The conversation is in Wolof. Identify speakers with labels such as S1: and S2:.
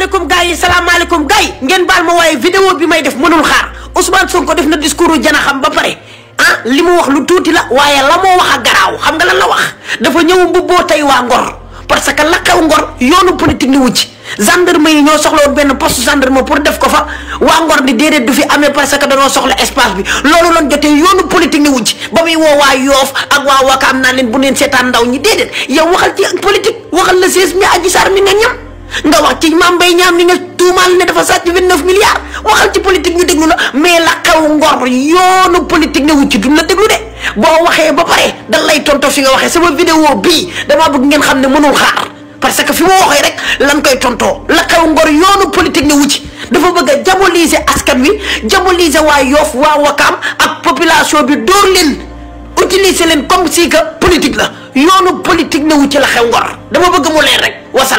S1: salaamaaleykum gars yi salaamaaleykum gars yi ngeen baal ma waaye
S2: vidéo bi may def mënul xaar Ousmane Sonko def na discours jana ba pare ah li mu wax lu tuuti la waaye la moo wax a garaaw xam nga lan la wax dafa ñëw mbubboo tay waa Ngor parce que la xew Ngor yoonu politique ni wu ci gendarme yi ñoo soxla woon benn poste ma pour def ko fa waa Ngor ni déedéet du fi amee parce que dañoo soxla espace bi loolu loon jotee yoonu politique ni wu ci ba muy woo waa Yoof ak waa leen bu neen seetaan ndaw ñi déedéet yow waxal ci politique la 16 mai nga wax ci Mame Mbaye Niang ni nga tuumaal ne dafa sàcc vingt-neuf milliards waxal ci politique ñu déglu la mais la xew ngor yoonu politique ne wucc duñ la fi nga waxee sama vidéo bii damaa bëgg ngeen xam ne mënul xaar parce que fi ma waxee rek lan koy tontoo la xew ngor yoonu politique dafa bëgg a diaboliser askan wi diaboliser waa Yoff waa Wakaam ak population bi dóor leen utiliser leen comme si que politique la yoonu politique ne wucc la xew ngor dama bëgg mu
S3: leer rek wasalaam